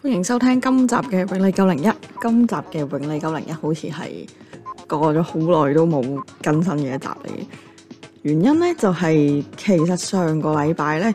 歡迎收聽今集嘅永利九零一。今集嘅永利九零一好似係過咗好耐都冇更新嘅一集嚟。原因咧就係、是、其實上個禮拜咧，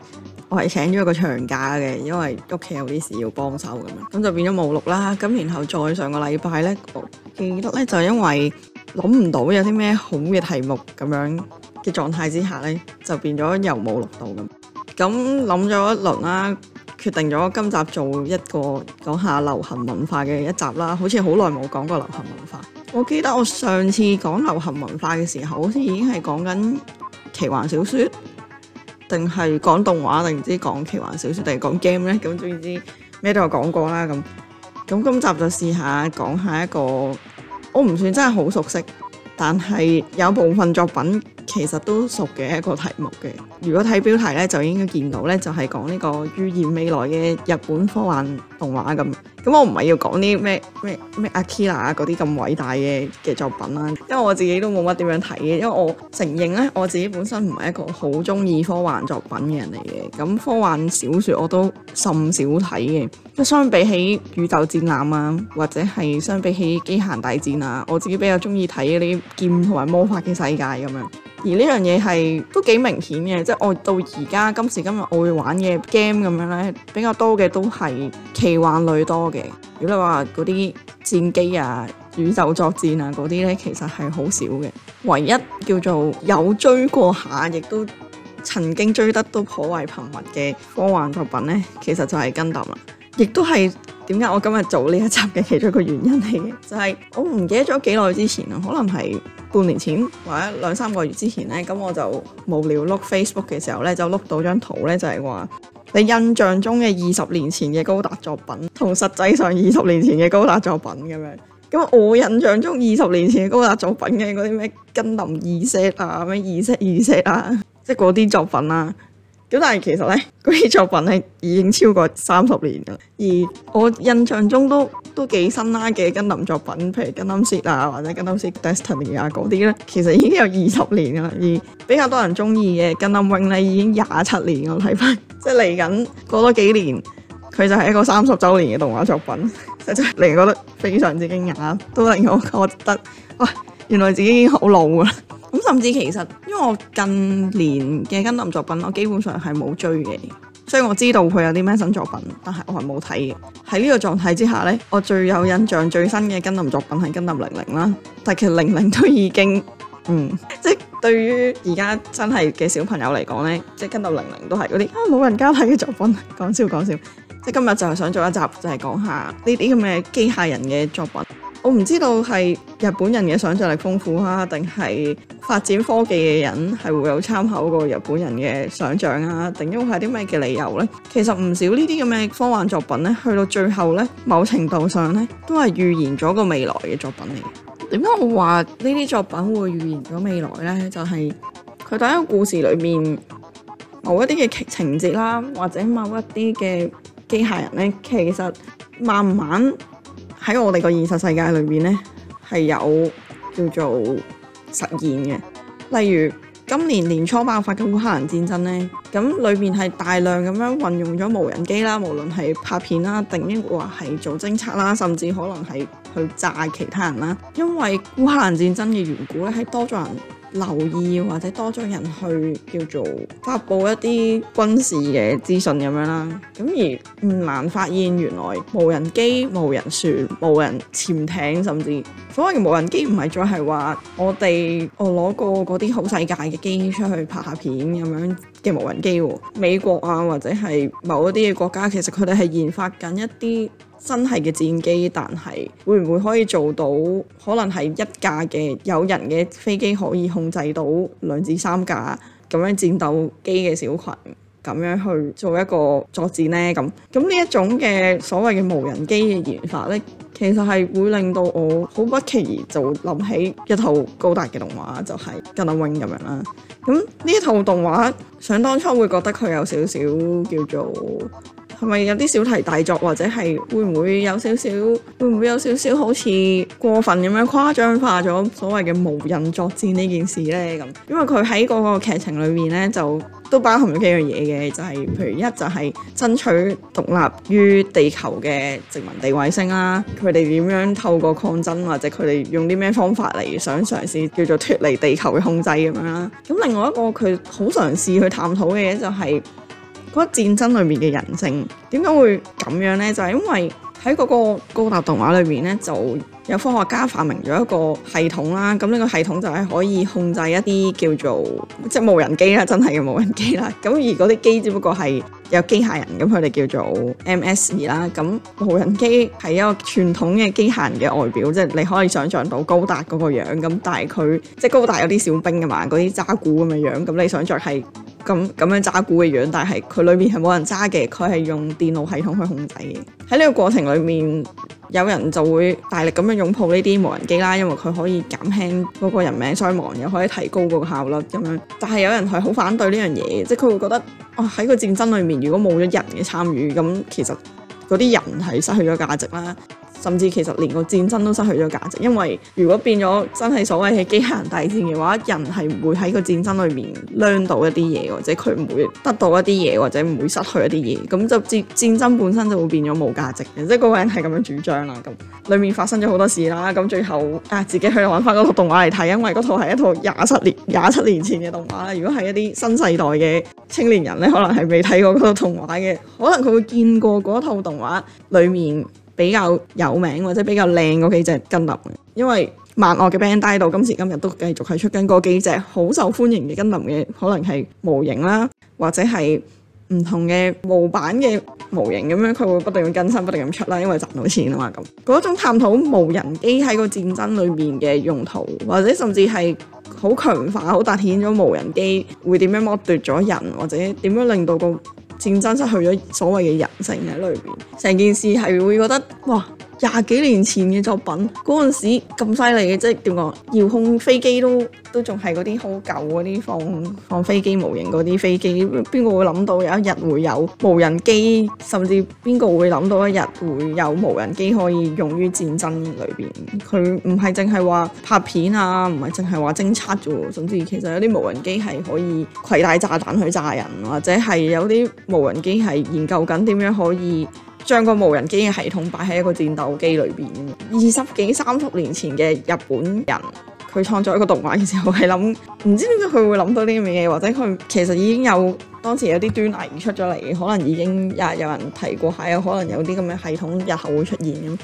我係請咗一個長假嘅，因為屋企有啲事要幫手咁樣，咁就變咗冇錄啦。咁然後再上個禮拜咧，我記得咧就因為諗唔到有啲咩好嘅題目咁樣嘅狀態之下咧，就變咗又冇錄到咁。咁諗咗一輪啦。決定咗今集做一個講下流行文化嘅一集啦，好似好耐冇講過流行文化。我記得我上次講流行文化嘅時候，好似已經係講緊奇幻小説，定係講動畫，定唔知講奇幻小説定係講 game 咧，咁總之咩都有講過啦。咁咁今集就試下講下一個我唔算真係好熟悉，但係有部分作品。其實都熟嘅一個題目嘅，如果睇標題呢，就應該見到呢，就係講呢個預言未來嘅日本科幻動畫咁。咁我唔係要講啲咩咩咩阿基拉嗰啲咁偉大嘅嘅作品啦，啊，因為我自己都冇乜點樣睇嘅，因為我承認咧，我自己本身唔係一個好中意科幻作品嘅人嚟嘅，咁科幻小説我都甚少睇嘅。相比起宇宙戰艦啊，或者係相比起機械大戰啊，我自己比較中意睇嗰啲劍同埋魔法嘅世界咁樣。而呢樣嘢係都幾明顯嘅，即、就是、我到而家今時今日我會玩嘅 game 咁樣咧，比較多嘅都係奇幻類多。如果你話嗰啲戰機啊、宇宙作戰啊嗰啲呢，其實係好少嘅。唯一叫做有追過下，亦都曾經追得都頗為頻密嘅科幻作品呢，其實就係 Gundam 啦。亦都係點解我今日做呢一集嘅其中一個原因嚟嘅，就係、是、我唔記得咗幾耐之前啦，可能係半年前或者兩三個月之前呢，咁我就無聊碌 Facebook 嘅時候呢，就碌到張圖呢，就係話。你印象中嘅二十年前嘅高達作品，同實際上二十年前嘅高達作品咁樣，咁我印象中二十年前嘅高達作品嘅嗰啲咩《Gundam 二式》啊，《咩二式二式》啊， 即係嗰啲作品啊。但係其實呢，嗰啲作品咧，已經超過三十年噶啦。而我印象中都都幾新啦嘅《Gundam 作品》，譬如《Gundam Seed》啊，或者《Gundam Seed Destiny》啊嗰啲呢，其實已經有二十年噶啦。而比較多人中意嘅《Gundam Wing》咧，已經廿七年個禮拜，即係嚟緊過多幾年，佢就係一個三十周年嘅動畫作品， 實在令我覺得非常之驚訝，都令我覺得哇！原來自己已經好老啦，咁甚至其實，因為我近年嘅 Gundam 作品，我基本上係冇追嘅，所以我知道佢有啲咩新作品，但係我係冇睇嘅。喺呢個狀態之下呢，我最有印象最新嘅 Gundam 作品係 Gundam 零零啦，但係其實零零都已經，嗯，即係對於而家真係嘅小朋友嚟講呢，即係 Gundam 零零都係嗰啲老人家睇嘅作品。講笑講笑，即今日就係想做一集，就係、是、講下呢啲咁嘅機械人嘅作品。我唔知道係日本人嘅想像力豐富啊，定係發展科技嘅人係會有參考過日本人嘅想像啊？定因為係啲咩嘅理由呢？其實唔少呢啲咁嘅科幻作品呢，去到最後呢，某程度上呢，都係預言咗個未來嘅作品嚟。點解我話呢啲作品會預言咗未來呢？就係佢第一個故事裏面某一啲嘅情節啦，或者某一啲嘅機械人呢，其實慢慢，喺我哋個現實世界裏面呢，呢係有叫做實現嘅，例如今年年初爆發嘅烏克蘭戰爭呢，咁裏面係大量咁樣運用咗無人機啦，無論係拍片啦，定抑或係做偵察啦，甚至可能係去炸其他人啦。因為烏克蘭戰爭嘅緣故咧，係多咗人。留意或者多咗人去叫做發佈一啲軍事嘅資訊咁樣啦，咁而唔難發現，原來無人機、無人船、無人潛艇，甚至所謂嘅無人機唔係再係話，我哋我攞過嗰啲好細架嘅機出去拍下片咁樣嘅無人機，美國啊或者係某一啲嘅國家，其實，佢哋係研發緊一啲，真係嘅戰機，但係會唔會可以做到？可能係一架嘅有人嘅飛機可以控制到兩至三架咁樣戰鬥機嘅小群，咁樣去做一個作戰呢？咁咁呢一種嘅所謂嘅無人機嘅研發呢，其實係會令到我好不期而就諗起一套高達嘅動畫，就係、是《Gundam Wing》咁樣啦。咁呢一套動畫，想當初會覺得佢有少少叫做。係咪有啲小題大作，或者係會唔會有少少，會唔會有少少好似過分咁樣誇張化咗所謂嘅無人作戰呢件事呢？咁因為佢喺嗰個劇情裏面呢，就都包含咗幾樣嘢嘅，就係、是、譬如一就係爭取獨立於地球嘅殖民地衛星啦，佢哋點樣透過抗爭或者佢哋用啲咩方法嚟想嘗試叫做脫離地球嘅控制咁樣啦。咁另外一個佢好嘗試去探討嘅嘢就係、是。嗰個戰爭裏面嘅人性點解會咁樣呢？就係、是、因為喺嗰個高達動畫裏面呢，就有科學家發明咗一個系統啦。咁呢個系統就係可以控制一啲叫做即係無人機啦，真係嘅無人機啦。咁而嗰啲機只不過係有機械人，咁佢哋叫做 MS2 啦。咁無人機係一個傳統嘅機械人嘅外表，即、就、係、是、你可以想像到高達嗰個樣。咁但係佢即係高達有啲小兵噶嘛，嗰啲渣古咁嘅樣，樣。咁你想像係？咁咁樣揸鼓嘅樣，樣樣，但係佢裏面係冇人揸嘅，佢係用電腦系統去控制嘅。喺呢個過程裏面，有人就會大力咁樣擁抱呢啲無人機啦，因為佢可以減輕嗰個人命傷亡，又可以提高嗰個效率咁樣。但係有人係好反對呢樣嘢，即係佢會覺得，哇，喺個戰爭裏面，如果冇咗人嘅參與，咁其實嗰啲人係失去咗價值啦。甚至其實連個戰爭都失去咗價值，因為如果變咗真係所謂嘅機械人大戰嘅話，人係唔會喺個戰爭裏面攣到一啲嘢，或者佢唔會得到一啲嘢，或者唔會失去一啲嘢，咁就戰戰爭本身就會變咗冇價值嘅。即係嗰個人係咁樣主張啦。咁裏面發生咗好多事啦。咁最後啊，自己去揾翻嗰套動畫嚟睇，因為嗰套係一套廿七年廿七年前嘅動畫啦。如果係一啲新世代嘅青年人咧，可能係未睇過嗰套動畫嘅，可能佢會見過嗰套動畫裏面。比較有名或者比較靚嗰幾隻 Gundam。因為萬惡嘅 Bandai 到今時今日都繼續係出緊嗰幾隻好受歡迎嘅 Gundam 嘅，可能係模型啦，或者係唔同嘅模板嘅模型咁樣，佢會不斷咁更新，不斷咁出啦，因為賺到錢啊嘛咁。嗰種探討無人機喺個戰爭裏面嘅用途，或者甚至係好強化、好突顯咗無人機會點樣剝奪咗人，或者點樣令到個。戰爭失去咗所謂嘅人性喺裏面，邊，成件事係會覺得哇～廿幾年前嘅作品，嗰陣時咁犀利嘅，即係點講？遙控飛機都都仲係嗰啲好舊嗰啲放放飛機模型嗰啲飛機，邊個會諗到有一日會有無人機？甚至邊個會諗到一日會有無人機可以用於戰爭裏邊？佢唔係淨係話拍片啊，唔係淨係話偵察啫。甚至其實有啲無人機係可以攜帶炸彈去炸人，或者係有啲無人機係研究緊點樣可以。將個無人機嘅系統擺喺一個戰鬥機裏邊。二十幾、三十年前嘅日本人，佢創作一個動畫嘅時候，係諗唔知點解佢會諗到呢啲嘢，或者佢其實已經有當時有啲端倪出咗嚟，可能已經有人提過下，有可能有啲咁嘅系統日後會出現。咁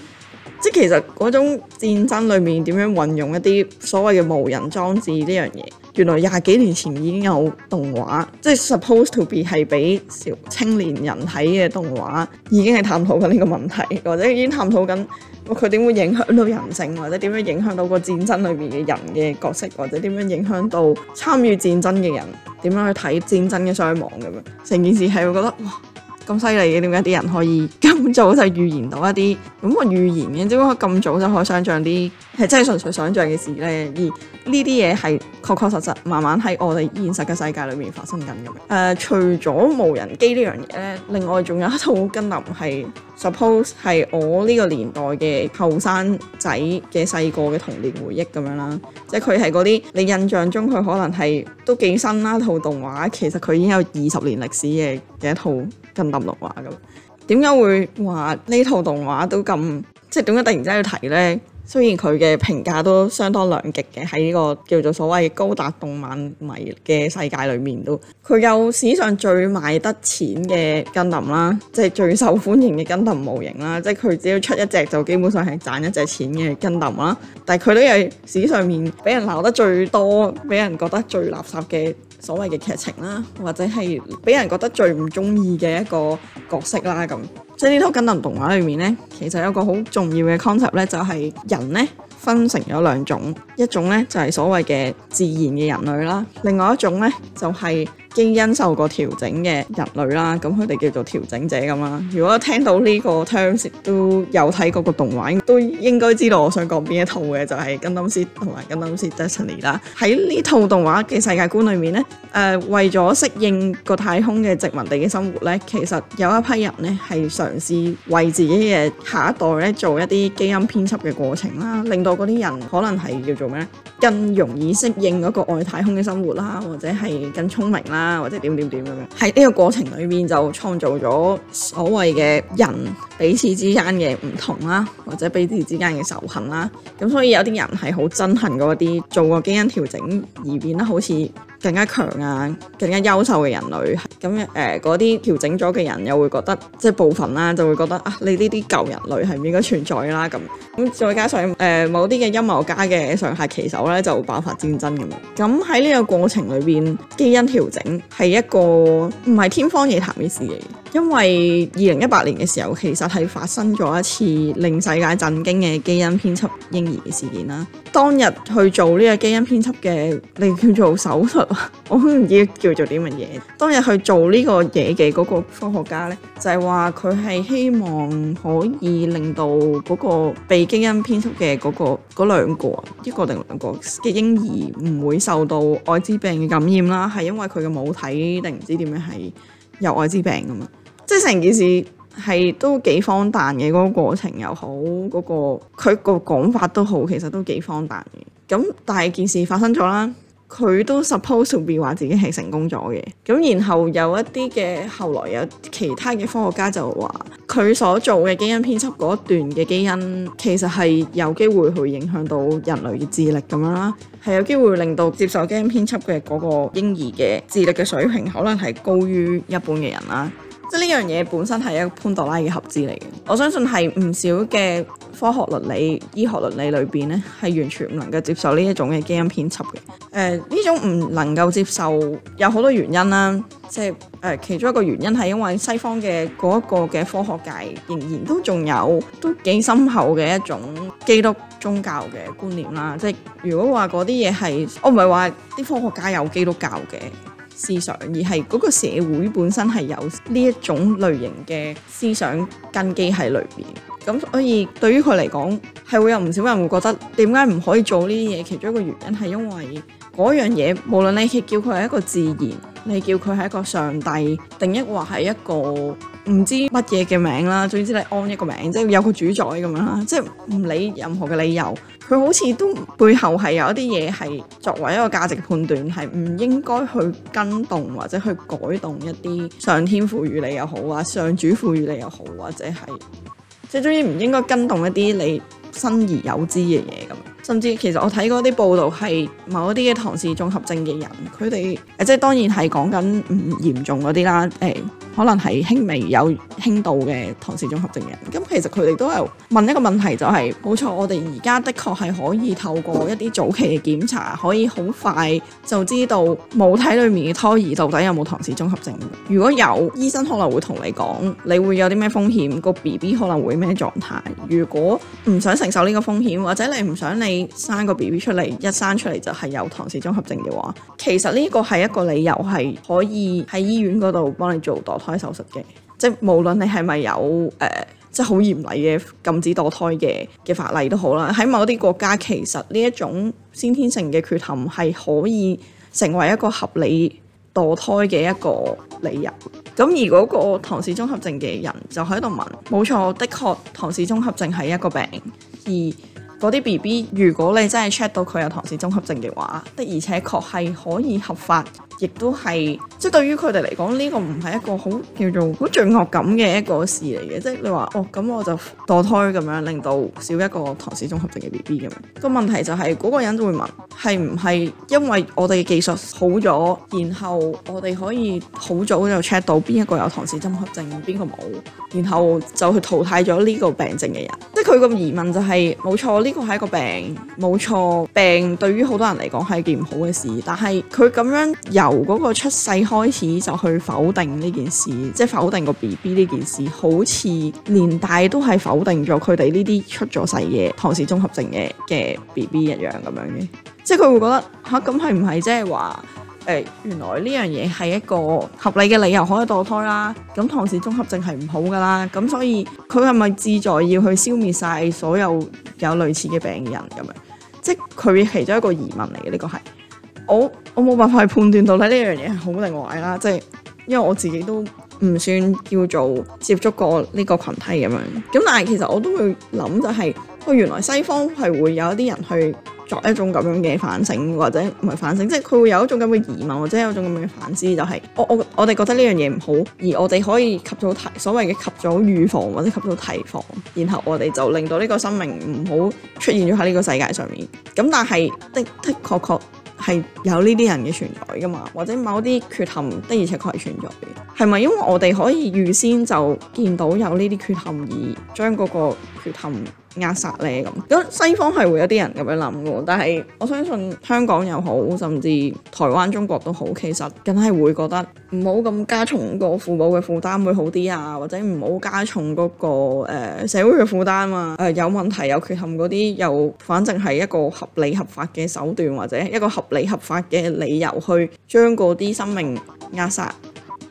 即係其實嗰種戰爭裏面點樣運用一啲所謂嘅無人裝置呢樣嘢？原來廿幾年前已經有動畫，即係 supposed to be 係俾少青年人睇嘅動畫，已經係探討緊呢個問題，或者已經探討緊佢點會影響到人性，或者點樣影響到個戰爭裏面嘅人嘅角色，或者點樣影響到參與戰爭嘅人點樣去睇戰爭嘅傷亡咁樣。成件事係會覺得哇咁犀利嘅，點解啲人可以咁早就預言到一啲咁我預言嘅？點解咁早就可以想像啲？係真係純粹想像嘅事咧，而呢啲嘢係確確實實，慢慢喺我哋現實嘅世界裏面發生緊咁樣。誒、呃，除咗無人機呢樣嘢咧，另外仲有一套《Gundam》，係 suppose 係我呢個年代嘅後生仔嘅細個嘅童年回憶咁樣啦。即係佢係嗰啲你印象中佢可能係都幾新啦套動畫，其實佢已經有二十年歷史嘅嘅一套 Gundam 動畫咁。點解會話呢套動畫都咁？即係點解突然之間要提咧？雖然佢嘅評價都相當兩極嘅，喺呢個叫做所謂高達動漫迷嘅世界裏面都，佢有史上最賣得錢嘅 Gundam 啦，即係最受歡迎嘅 Gundam 模型啦，即係佢只要出一隻就基本上係賺一隻錢嘅 Gundam 啦，但係佢都有史上面俾人鬧得最多，俾人覺得最垃圾嘅。所謂嘅劇情啦，或者係俾人覺得最唔鍾意嘅一個角色啦，咁即呢套《Gundam 動畫》裏面呢，其實有一個好重要嘅 concept 就係人呢。分成咗兩種，一種咧就係所謂嘅自然嘅人類啦，另外一種咧就係基因受過調整嘅人類啦。咁佢哋叫做調整者咁啦。如果聽到呢個 term，都有睇過個動畫，都應該知道我想講邊一套嘅，就係《Gundam SEED》同埋《Gundam SEED Destiny》啦。喺呢套動畫嘅世界觀裏面咧，誒，為咗適應個太空嘅殖民地嘅生活咧，其實有一批人咧係嘗試為自己嘅下一代咧做一啲基因編輯嘅過程啦，令到有嗰啲人可能係叫做咩更容易適應嗰個外太空嘅生活啦，或者係更聰明啦，或者點點點咁樣。喺呢個過程裏面就創造咗所謂嘅人彼此之間嘅唔同啦，或者彼此之間嘅仇恨啦。咁所以有啲人係好憎恨嗰啲做過基因調整而變得好似更加強啊，更加優秀嘅人類，咁誒嗰啲調整咗嘅人又會覺得即部分啦、啊，就會覺得、啊、你呢啲舊人類係唔應該存在啦、啊、咁。再加上、呃、某啲嘅陰謀家嘅上下其手咧，就會爆發戰爭咁樣。咁喺呢個過程裏邊，基因調整係一個唔係天方夜譚嘅事嚟。因為二零一八年嘅時候，其實係發生咗一次令世界震驚嘅基因編輯嬰兒嘅事件啦。當日去做呢個基因編輯嘅，你叫做手術， 我唔知叫做點樣嘢。當日去做呢個嘢嘅嗰個科學家咧，就係話佢係希望可以令到嗰個被基因編輯嘅嗰個嗰兩個啊，一個定兩個嘅嬰兒唔會受到愛滋病嘅感染啦，係因為佢嘅母體定唔知點樣係有愛滋病㗎嘛。即係成件事係都幾荒誕嘅，嗰個過程又好，嗰個佢個講法都好，其實都幾荒誕嘅。咁但係件事發生咗啦，佢都 supposed to be 話自己係成功咗嘅。咁然後有一啲嘅後來有其他嘅科學家就話，佢所做嘅基因編輯嗰一段嘅基因，其實係有機會去影響到人類嘅智力咁樣啦，係有機會令到接受基因編輯嘅嗰個嬰兒嘅智力嘅水平可能係高於一般嘅人啦。即呢樣嘢本身係一個潘多拉嘅盒子嚟嘅，我相信係唔少嘅科學倫理、醫學倫理裏邊咧係完全唔能夠接受呢一種嘅基因編輯嘅。誒、呃、呢種唔能夠接受有好多原因啦，即係誒、呃、其中一個原因係因為西方嘅嗰一個嘅科學界仍然都仲有都幾深厚嘅一種基督宗教嘅觀念啦。即係如果話嗰啲嘢係，我唔係話啲科學家有基督教嘅。思想而係嗰個社會本身係有呢一種類型嘅思想根基喺裏邊，咁所以對於佢嚟講，係會有唔少人會覺得點解唔可以做呢啲嘢？其中一個原因係因為嗰樣嘢，無論你叫佢係一個自然，你叫佢係一個上帝，定抑或係一個唔知乜嘢嘅名啦，總之你安一個名，即係有個主宰咁樣啦，即係唔理任何嘅理由。佢好似都背後係有一啲嘢，係作為一個價值判斷，係唔應該去跟動或者去改動一啲上天賦予你又好啊，上主賦予你又好，或者係即係終於唔應該跟動一啲你生而有之嘅嘢咁。甚至其實我睇過啲報道係某一啲嘅唐氏綜合症嘅人，佢哋即係當然係講緊唔嚴重嗰啲啦，誒、哎、可能係輕微有輕度嘅唐氏綜合症嘅人。咁其實佢哋都係問一個問題，就是，就係冇錯，我哋而家的確係可以透過一啲早期嘅檢查，可以好快就知道母體裡面嘅胎兒到底有冇唐氏綜合症。如果有，醫生可能會同你講，你會有啲咩風險，個 B B 可能會咩狀態。如果唔想承受呢個風險，或者你唔想你。生個 B B 出嚟，一生出嚟就係有唐氏綜合症嘅話，其實呢個係一個理由係可以喺醫院嗰度幫你做墮胎手術嘅，即係無論你係咪有誒、呃、即係好嚴厲嘅禁止墮胎嘅嘅法例都好啦，喺某啲國家其實呢一種先天性嘅缺陷係可以成為一個合理墮胎嘅一個理由。咁而嗰個唐氏綜合症嘅人就喺度問，冇錯，的確唐氏綜合症係一個病，而。嗰啲 B B，如果你真係 check 到佢有唐氏綜合症嘅話，的而且確係可以合法，亦都係即係對於佢哋嚟講呢個唔係一個好叫做好罪惡感嘅一個事嚟嘅。即係你話哦，咁我就墮胎咁樣令到少一個唐氏綜合症嘅 B B 咁樣。個問題就係嗰個人都會問係唔係，因為我哋嘅技術好咗，然後我哋可以好早就 check 到邊一個有唐氏綜合症，邊個冇，然後就去淘汰咗呢個病症嘅人？即係佢個疑問就係冇錯。呢個係一個病，冇錯。病對於好多人嚟講係一件唔好嘅事，但係佢咁樣由嗰個出世開始就去否定呢件事，即係否定個 B B 呢件事，好似連帶都係否定咗佢哋呢啲出咗世嘅唐氏綜合症嘅嘅 B B 一樣咁樣嘅，即係佢會覺得吓，咁係唔係即係話？誒、欸、原來呢樣嘢係一個合理嘅理由可以墮胎啦，咁唐氏綜合症係唔好㗎啦，咁所以佢係咪志在要去消滅晒所有有類似嘅病人咁樣？即係佢其中一個疑問嚟嘅呢個係，我我冇辦法去判斷到底呢樣嘢係好定壞啦，即係因為我自己都唔算叫做接觸過呢個群體咁樣，咁但係其實我都會諗就係、是。哦，原來西方係會有一啲人去作一種咁樣嘅反省，或者唔係反省，即係佢會有一種咁嘅疑問，或者有一種咁嘅反思，就係、是、我我我哋覺得呢樣嘢唔好，而我哋可以及早提所謂嘅及早預防或者及早提防，然後我哋就令到呢個生命唔好出現咗喺呢個世界上面。咁但係的的確確係有呢啲人嘅存在㗎嘛，或者某啲缺陷的，而且確係存在嘅，係咪因為我哋可以預先就見到有呢啲缺陷而將嗰個缺陷，扼殺你。咁咁，西方係會有啲人咁樣諗嘅，但係我相信香港又好，甚至台灣、中國都好，其實梗係會覺得唔好咁加重個父母嘅負擔會好啲啊，或者唔好加重嗰、嗰個、呃、社會嘅負擔啊。誒、呃、有問題、有缺陷嗰啲，又反正係一個合理合法嘅手段或者一個合理合法嘅理由去將嗰啲生命扼殺。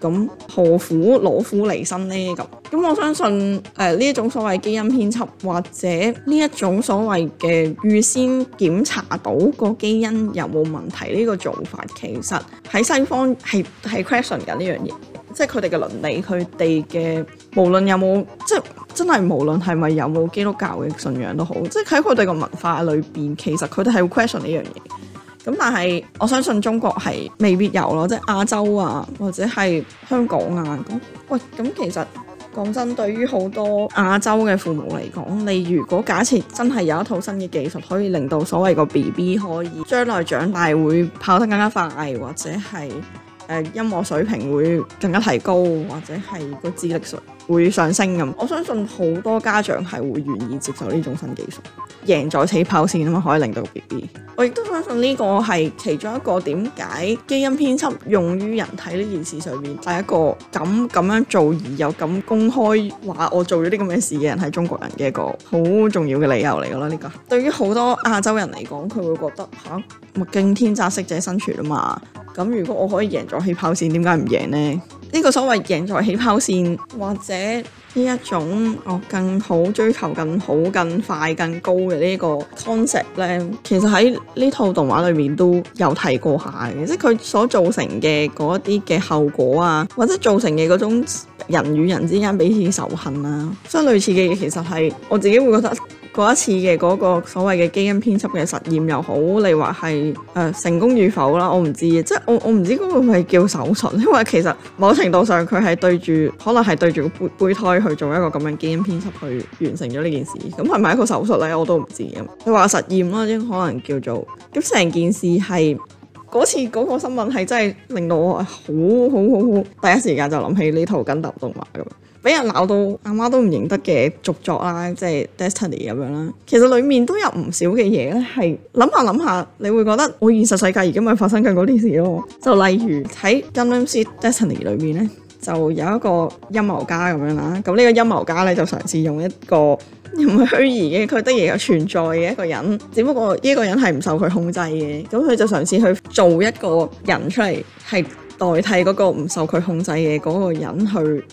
咁何苦攞苦離身呢？咁咁，我相信誒、呢一種所謂基因編輯或者呢一種所謂嘅預先檢查到個基因有冇問題呢個做法，其實喺西方係係 question 嘅呢樣嘢，即係佢哋嘅倫理，佢哋嘅無論有冇即係真係無論係咪有冇基督教嘅信仰都好，即係喺佢哋嘅文化裏邊，其實佢哋係會 question 呢樣嘢。咁但係我相信中國係未必有咯，即係亞洲啊，或者係香港啊。咁喂，咁其實講真，對於好多亞洲嘅父母嚟講，你如果假設真係有一套新嘅技術，可以令到所謂個 BB 可以將來長大會跑得更加快，或者係。誒音樂水平會更加提高，或者係個智力上會上升咁。我相信好多家長係會願意接受呢種新技術，贏在起跑線啊可以令到 B B。我亦都相信呢個係其中一個點解基因編輯用於人體呢件事上面，第、就是、一個敢咁樣做而又敢公開話我做咗啲咁嘅事嘅人係中國人嘅一個好重要嘅理由嚟噶啦。呢、這個對於好多亞洲人嚟講，佢會覺得吓，物競天擇，適者生存啊嘛～咁如果我可以贏在起跑線，點解唔贏呢？呢個所謂贏在起跑線，或者呢一種我更好追求、更好、更快、更高嘅呢個 concept 呢，其實喺呢套動畫裏面都有提過下嘅，即係佢所造成嘅嗰一啲嘅後果啊，或者造成嘅嗰種人與人之間彼此仇恨啊，相類似嘅嘢，其實係我自己會覺得。嗰一次嘅嗰個所謂嘅基因編輯嘅實驗又好，你話係、呃、成功與否啦，我唔知嘅，即係我我唔知嗰個係叫手術， 因為其實某程度上佢係對住可能係對住個胚胎去做一個咁樣基因編輯去完成咗呢件事，咁係咪一個手術呢？我都唔知嘅。你話實驗啦，應該可能叫做咁成件事係。嗰次嗰個新聞係真係令到我好好好好，好第一時間就諗起呢套 Gundam 動畫咁樣，俾人鬧到阿媽都唔認得嘅續作啦，即係 Destiny 咁樣啦。其實裡面都有唔少嘅嘢咧，係諗下諗下，你會覺得我現實世界而家咪發生緊嗰啲事咯。就例如喺《Gundam SEED Destiny》裏面咧，就有一個陰謀家咁樣啦。咁呢個陰謀家咧就嘗試用一個。又唔係虛擬嘅，佢得而有存在嘅一個人，只不過呢一個人係唔受佢控制嘅，咁佢就嘗試去做一個人出嚟，係代替嗰個唔受佢控制嘅嗰個人去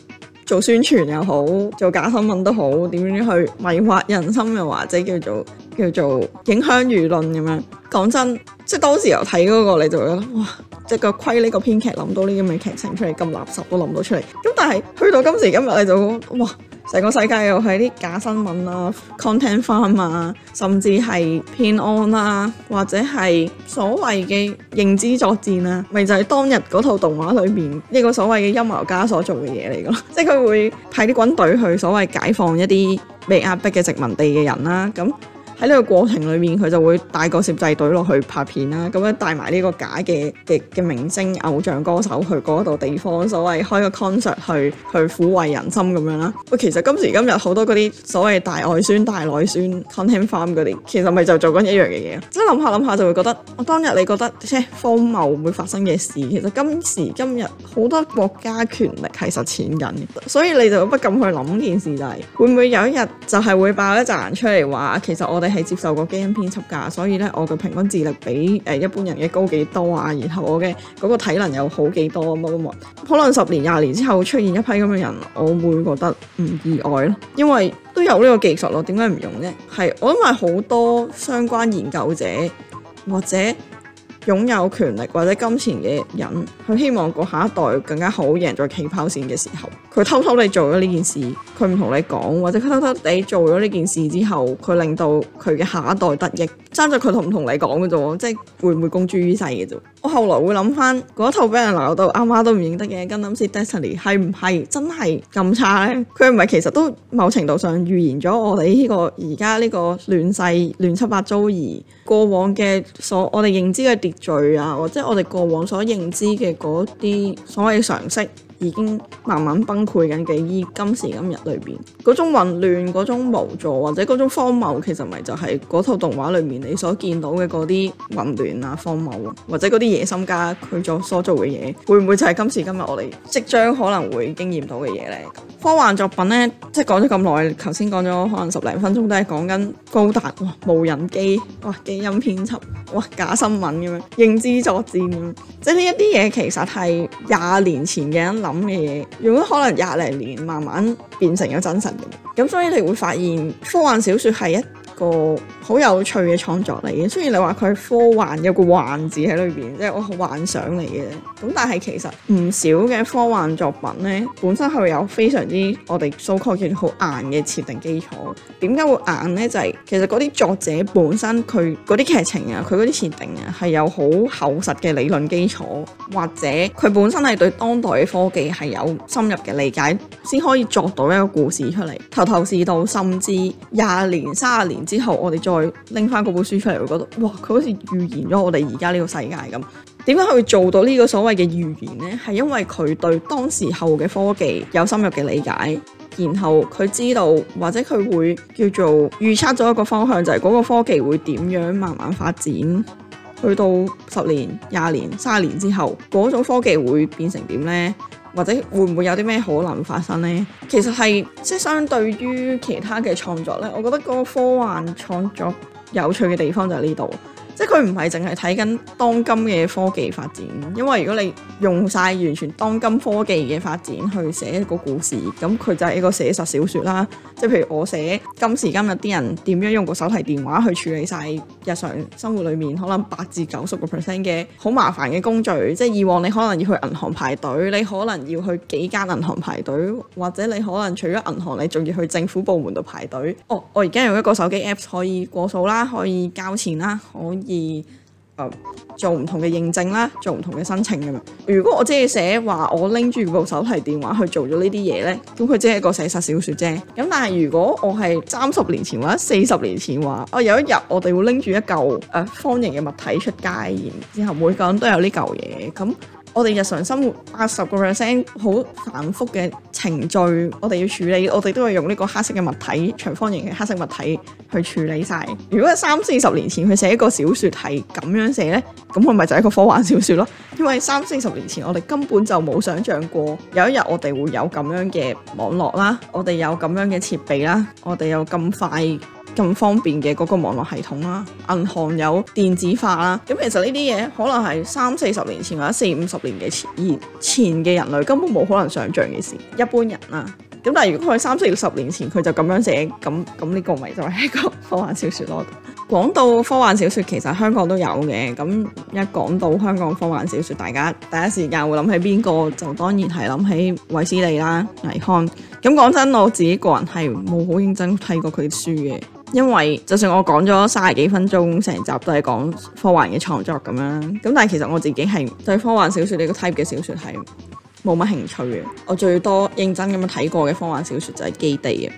做宣傳又好，做假新聞都好，點樣去迷惑人心又或者叫做叫做影響輿論咁樣。講真，即係當時由睇嗰個你就覺得哇，即係個虧呢、呢個編劇諗到呢啲咁嘅劇情出嚟，咁垃圾都諗到出嚟。咁但係去到今時今日你就哇～成個世界又係啲假新聞啊，content farm 啊，甚至係偏安啦、啊，或者係所謂嘅認知作戰啊。咪就係、是、當日嗰套動畫裏面一、這個所謂嘅陰謀家所做嘅嘢嚟㗎， 即係佢會派啲軍隊去所謂解放一啲被壓迫嘅殖民地嘅人啦、啊，喺呢個過程裏面，佢就會帶個攝製隊落去拍片啦。咁樣帶埋呢個假嘅明星偶像歌手去嗰度地方，所謂開個 concert 去去撫慰人心咁樣啦。喂，其實今時今日好多嗰啲所謂大外宣、大內宣、content farm 嗰啲，其實咪就做緊一樣嘅嘢。即係諗下諗下就會覺得，我當日你覺得、欸、荒謬會發生嘅事，其實今時今日好多國家權力係實踐緊，所以你就不禁去諗件事就係、是、會唔會有一日就係會爆一人出嚟話，其實我哋。你係接受過基因編輯㗎，所以咧我嘅平均智力比誒一般人嘅高幾多啊？然後我嘅嗰個體能又好幾多咁啊？可能十年、廿年之後出現一批咁嘅人，我會覺得唔意外咯，因為都有呢個技術咯。點解唔用呢？係我諗係好多相關研究者或者擁有權力或者金錢嘅人，佢希望個下一代更加好，贏在起跑線嘅時候。佢偷偷地做咗呢件事，佢唔同你講，或者佢偷偷地做咗呢件事之後，佢令到佢嘅下一代得益，爭在佢同唔同你講嘅啫，即係會唔會公諸於世嘅啫。我後來會諗返嗰套頭被人鬧到，阿媽都唔認得嘅，Gundam SEED Destiny 係唔係真係咁差呢？佢唔係其實都某程度上預言咗我哋呢、這個而家呢個亂世亂七八糟而過往嘅所我哋認知嘅秩序啊，或者我哋過往所認知嘅嗰啲所謂常識。已經慢慢崩潰緊嘅，依今時今日裏面嗰種混亂、嗰種無助或者嗰種荒謬，其實咪就係嗰套動畫裏面你所見到嘅嗰啲混亂啊、荒謬啊，或者嗰啲野心家佢所做嘅嘢，會唔會就係今時今日我哋即將可能會經驗到嘅嘢呢？科幻作品呢，即係講咗咁耐，頭先講咗可能十零分鐘都係講緊高達、哇無人機、哇基因編輯、哇假新聞咁樣，認知作戰咁樣，即係呢一啲嘢其實係廿年前嘅人諗嘅嘢，用咗可能廿零年慢慢變成咗真實嘅，咁所以你會發現科幻小說係一個好有趣嘅創作嚟嘅，雖然你話佢係科幻有個幻字喺裏邊，即係我幻想嚟嘅。咁但係其實唔少嘅科幻作品呢，本身係有非常之我哋所謂叫做好硬嘅設定基礎。點解會硬呢？就係其實嗰啲作者本身佢嗰啲劇情啊，佢嗰啲設定啊，係有好厚實嘅理論基礎，或者佢本身係對當代嘅科技係有深入嘅理解，先可以作到一個故事出嚟，頭頭是道，甚至廿年、三十年。之後我哋再拎翻嗰本書出嚟，會覺得哇，佢好似預言咗我哋而家呢個世界咁。點解佢會做到呢個所謂嘅預言呢？係因為佢對當時候嘅科技有深入嘅理解，然後佢知道或者佢會叫做預測咗一個方向，就係、是、嗰個科技會點樣慢慢發展，去到十年、廿年、卅年之後，嗰種科技會變成點呢？或者會唔會有啲咩可能發生呢？其實係即係相對於其他嘅創作呢，我覺得嗰個科幻創作有趣嘅地方就喺呢度。即係佢唔係淨係睇緊當今嘅科技發展，因為如果你用晒完,完全當今科技嘅發展去寫一個故事，咁佢就係一個寫實小說啦。即係譬如我寫今時今日啲人點樣用個手提電話去處理晒日常生活裏面可能八至九十個 percent 嘅好麻煩嘅工序。即係以往你可能要去銀行排隊，你可能要去幾間銀行排隊，或者你可能除咗銀行，你仲要去政府部門度排隊。哦，我而家用一個手機 apps 可以過數啦，可以交錢啦，可。而誒、呃、做唔同嘅認證啦，做唔同嘅申請咁樣。如果我即係寫話我拎住部手提電話去做咗呢啲嘢咧，咁佢即係一個寫實小説啫。咁但係如果我係三十年前或者四十年前話，哦，有一日我哋會拎住一嚿誒、呃、方形嘅物體出街，然之後每個人都有呢嚿嘢咁。我哋日常生活八十個 percent 好繁複嘅程序，我哋要處理，我哋都會用呢個黑色嘅物體，長方形嘅黑色物體去處理曬。如果三四十年前佢寫一個小説係咁樣寫呢，咁我咪就係一個科幻小説咯。因為三四十年前我哋根本就冇想象過，有一日我哋會有咁樣嘅網絡啦，我哋有咁樣嘅設備啦，我哋有咁快，咁方便嘅嗰個網絡系統啦、啊，銀行有電子化啦、啊。咁其實呢啲嘢可能係三四十年前或者四五十年嘅前前嘅人類根本冇可能想像嘅事。一般人啦、啊，咁但係如果佢三四十年前佢就咁樣寫，咁咁呢個咪就係一個科幻小説咯。講到科幻小説，其實香港都有嘅。咁一講到香港科幻小説，大家第一時間會諗起邊個？就當然係諗起韋斯利啦、倪匡。咁講真，我自己個人係冇好認真睇過佢書嘅。因為就算我講咗三十幾分鐘，成集都係講科幻嘅創作咁啦，咁但係其實我自己係對科幻小説呢個 type 嘅小説係冇乜興趣嘅。我最多認真咁樣睇過嘅科幻小説就係《基地》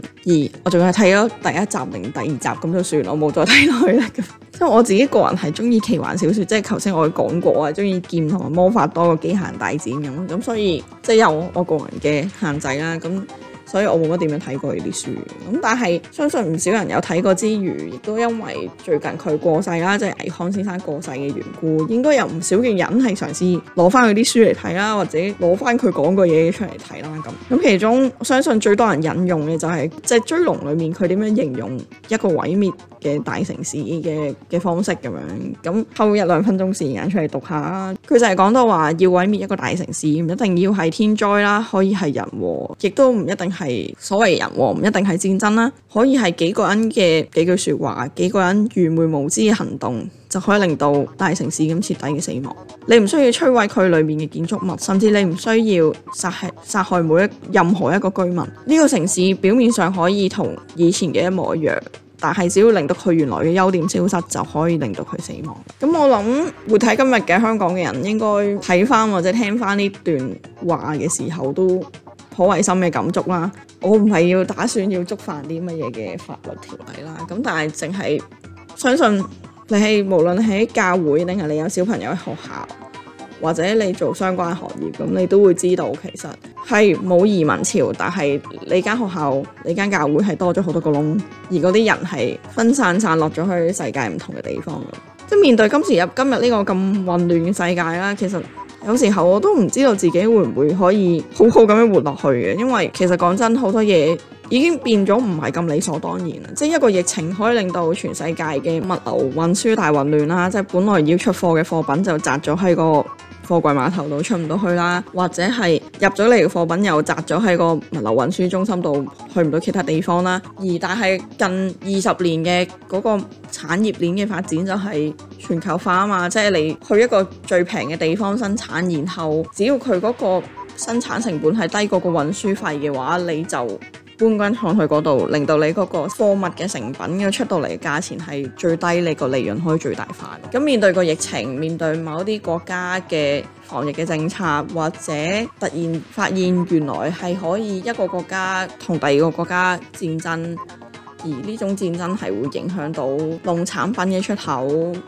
咁，而我仲係睇咗第一集定第二集咁就算，我冇再睇落去啦。咁 因為我自己個人係中意奇幻小説，即係頭先我講過啊，我係中意劍同埋魔法多過機械大戰咁咯，咁所以即係、就是、有我個人嘅限制啦。咁所以我冇乜點樣睇過呢啲書，咁但係相信唔少人有睇過之餘，亦都因為最近佢過世啦，即係倪匡先生過世嘅緣故，應該有唔少嘅人係嘗試攞翻佢啲書嚟睇啦，或者攞翻佢講過嘢出嚟睇啦咁。咁其中我相信最多人引用嘅就係即係《追龍》裏面，佢點樣形容一個毀滅嘅大城市嘅嘅方式咁樣。咁抽一兩分鐘時間出嚟讀下啦。佢就係講到話要毀滅一個大城市，唔一定要係天災啦，可以係人禍，亦都唔一定，係所謂人禍，唔一定係戰爭啦，可以係幾個人嘅幾句説話，幾個人愚昧無知嘅行動，就可以令到大城市咁徹底嘅死亡。你唔需要摧毀佢裏面嘅建築物，甚至你唔需要殺害殺害每一任何一個居民。呢個城市表面上可以同以前嘅一模一樣，但係只要令到佢原來嘅優點消失，就可以令到佢死亡。咁我諗活喺今日嘅香港嘅人應該睇返或者聽返呢段話嘅時候都。好違心嘅感觸啦，我唔係要打算要觸犯啲乜嘢嘅法律條例啦，咁但係淨係相信你係無論喺教會定係你有小朋友喺學校，或者你做相關行業，咁你都會知道其實係冇移民潮，但係你間學校、你間教會係多咗好多個窿，而嗰啲人係分散散落咗去世界唔同嘅地方。即係面對今時入今日呢個咁混亂嘅世界啦，其實。有時候我都唔知道自己會唔會可以好好咁樣活落去嘅，因為其實講真，好多嘢已經變咗唔係咁理所當然啦。即一個疫情可以令到全世界嘅物流運輸大混亂啦，即本來要出貨嘅貨品就窒咗喺個貨櫃碼頭度出唔到去啦，或者係入咗嚟嘅貨品又擳咗喺個物流運輸中心度去唔到其他地方啦。而但係近二十年嘅嗰個產業鏈嘅發展就係全球化啊嘛，即係你去一個最平嘅地方生產，然後只要佢嗰個生產成本係低過個運輸費嘅話，你就。搬緊廠去嗰度，令到你嗰個貨物嘅成品嘅出到嚟嘅價錢係最低，你個利潤可以最大化。咁面對個疫情，面對某啲國家嘅防疫嘅政策，或者突然發現原來係可以一個國家同第二個國家戰爭，而呢種戰爭係會影響到農產品嘅出口、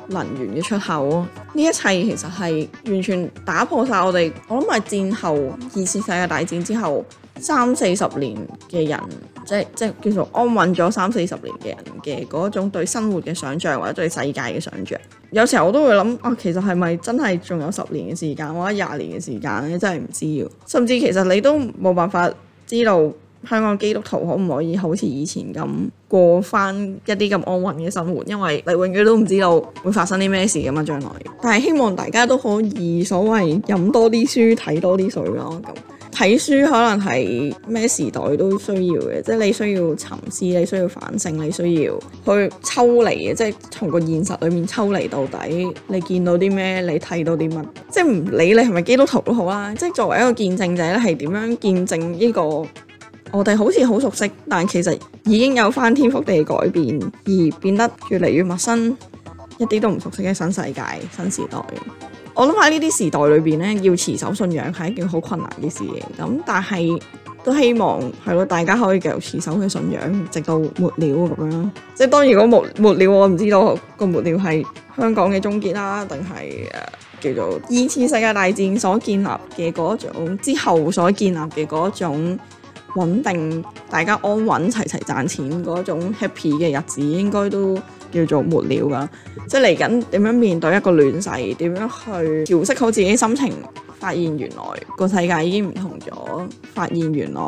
能源嘅出口，呢一切其實係完全打破晒我哋，我諗係戰後二次世界大戰之後。三四十年嘅人，即係即係叫做安穩咗三四十年嘅人嘅嗰種對生活嘅想像或者對世界嘅想像，有時候我都會諗啊，其實係咪真係仲有十年嘅時間或者廿年嘅時間咧？真係唔知。甚至其實你都冇辦法知道香港基督徒可唔可以好似以前咁過翻一啲咁安穩嘅生活，因為你永遠都唔知道會發生啲咩事咁啊！將來，但係希望大家都可以所謂飲多啲書睇多啲水咯咁。睇書可能係咩時代都需要嘅，即係你需要沉思，你需要反省，你需要去抽離嘅，即係從個現實裏面抽離到底你見到啲咩，你睇到啲乜，即係唔理你係咪基督徒都好啦，即係作為一個見證者咧，係點樣見證呢個我哋好似好熟悉，但其實已經有翻天覆地改變而變得越嚟越陌生，一啲都唔熟悉嘅新世界、新時代。我諗喺呢啲時代裏邊咧，要持守信仰係一件好困難嘅事，咁但係都希望係咯，大家可以繼續持守佢信仰，直到末了咁樣。即係當然，如果末末了，我唔知道個末了係香港嘅終結啦，定係誒叫做二次世界大戰所建立嘅嗰種之後所建立嘅嗰種。穩定，大家安穩齊齊賺錢嗰種 happy 嘅日子，應該都叫做沒了㗎。即係嚟緊點樣面對一個亂世，點樣去調適好自己心情？發現原來個世界已經唔同咗，發現原來，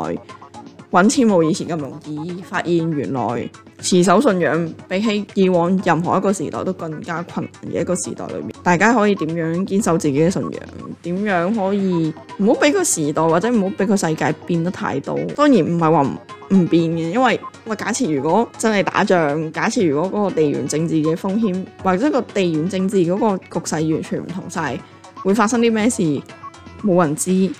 揾錢冇以前咁容易，發現原來持守信仰比起以往任何一個時代都更加困難嘅一個時代裏面，大家可以點樣堅守自己嘅信仰？點樣可以唔好俾個時代或者唔好俾個世界變得太多？當然唔係話唔變嘅，因為、呃、假設如果真係打仗，假設如果嗰個地緣政治嘅風險或者個地緣政治嗰個局勢完全唔同晒，會發生啲咩事？冇人知。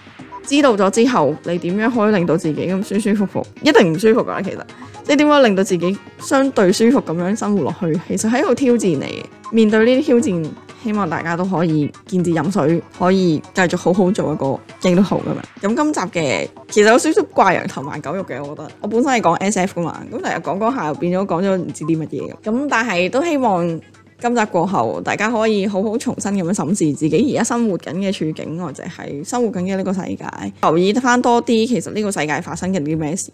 知道咗之後，你點樣可以令到自己咁舒舒服服？一定唔舒服噶，其實。即係點樣令到自己相對舒服咁樣生活落去？其實係一個挑戰嚟嘅。面對呢啲挑戰，希望大家都可以見字飲水，可以繼續好好做一個 journal 咁樣。咁今集嘅其實有少少怪羊頭賣狗肉嘅，我覺得我酸酸。我本身係講 S F 噶嘛，咁成日講講下又變咗講咗唔知啲乜嘢咁。咁但係都希望。今集過後，大家可以好好重新咁樣審視自己而家生活緊嘅處境，或者係生活緊嘅呢個世界，留意翻多啲其實呢個世界發生緊啲咩事，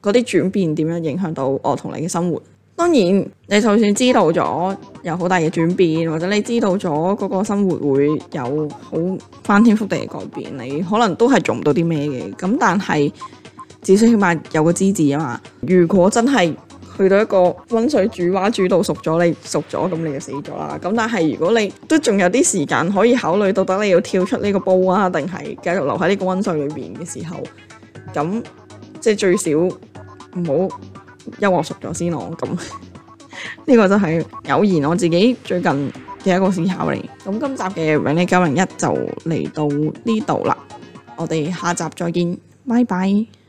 嗰啲轉變點樣影響到我同你嘅生活。當然，你就算知道咗有好大嘅轉變，或者你知道咗嗰個生活會有好翻天覆地嘅改變，你可能都係做唔到啲咩嘅。咁但係至少起碼有個知字啊嘛。如果真係去到一個温水煮蛙，煮到熟咗，你熟咗，咁你就死咗啦。咁但係如果你都仲有啲時間，可以考慮到底你要跳出呢個煲啊，定係繼續留喺呢個温水裏面嘅時候，咁即係最少唔好一鑊熟咗先咯。咁呢、這個真係偶然我自己最近嘅一個思考嚟。咁今集嘅永利九零一就嚟到呢度啦，我哋下集再見，拜拜。